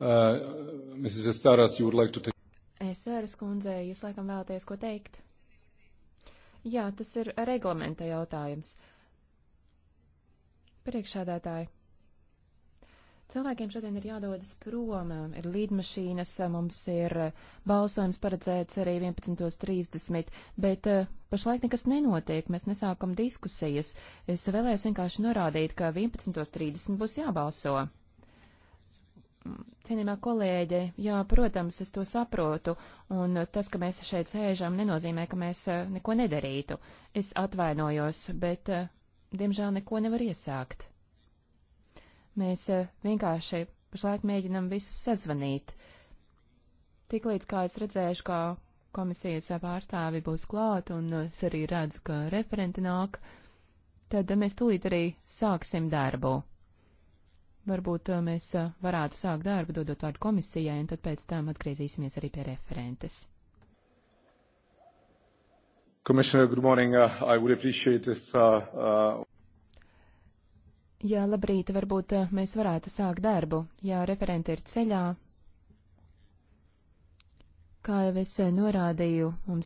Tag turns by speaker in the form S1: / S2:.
S1: Uh, Mrs. Estaras, you would like to take.
S2: Estaras kundze, jūs laikam vēlaties ko teikt? Jā, tas ir reglamenta jautājums. Priekšādātāji. Cilvēkiem šodien ir jādodas prom, ir līdmašīnas, mums ir uh, balsojums paredzēts arī 11.30, bet uh, pašlaik nekas nenotiek, mēs nesākam diskusijas. Es vēlējos vienkārši norādīt, ka 11.30 būs jābalso. Cienījamā kolēģe, jā, protams, es to saprotu, un tas, ka mēs šeit sēžam, nenozīmē, ka mēs eh, neko nedarītu. Es atvainojos, bet, eh, diemžēl, neko nevar iesākt. Mēs eh, vienkārši pašlaik mēģinam visus sazvanīt. Tiklīdz kā es redzēšu, kā komisijas pārstāvi būs klāt, un es arī redzu, ka referenti nāk, tad mēs tūlīt arī sāksim darbu. Varbūt eh, mēs eh, varētu sākt darbu, dodot vārdu komisijai, un tad pēc tam atgriezīsimies arī pie referentes.
S3: Uh, if, uh, uh,
S2: Jā, labrīt, varbūt eh, mēs varētu sākt darbu, ja referente ir ceļā. Kā jau es norādīju, mums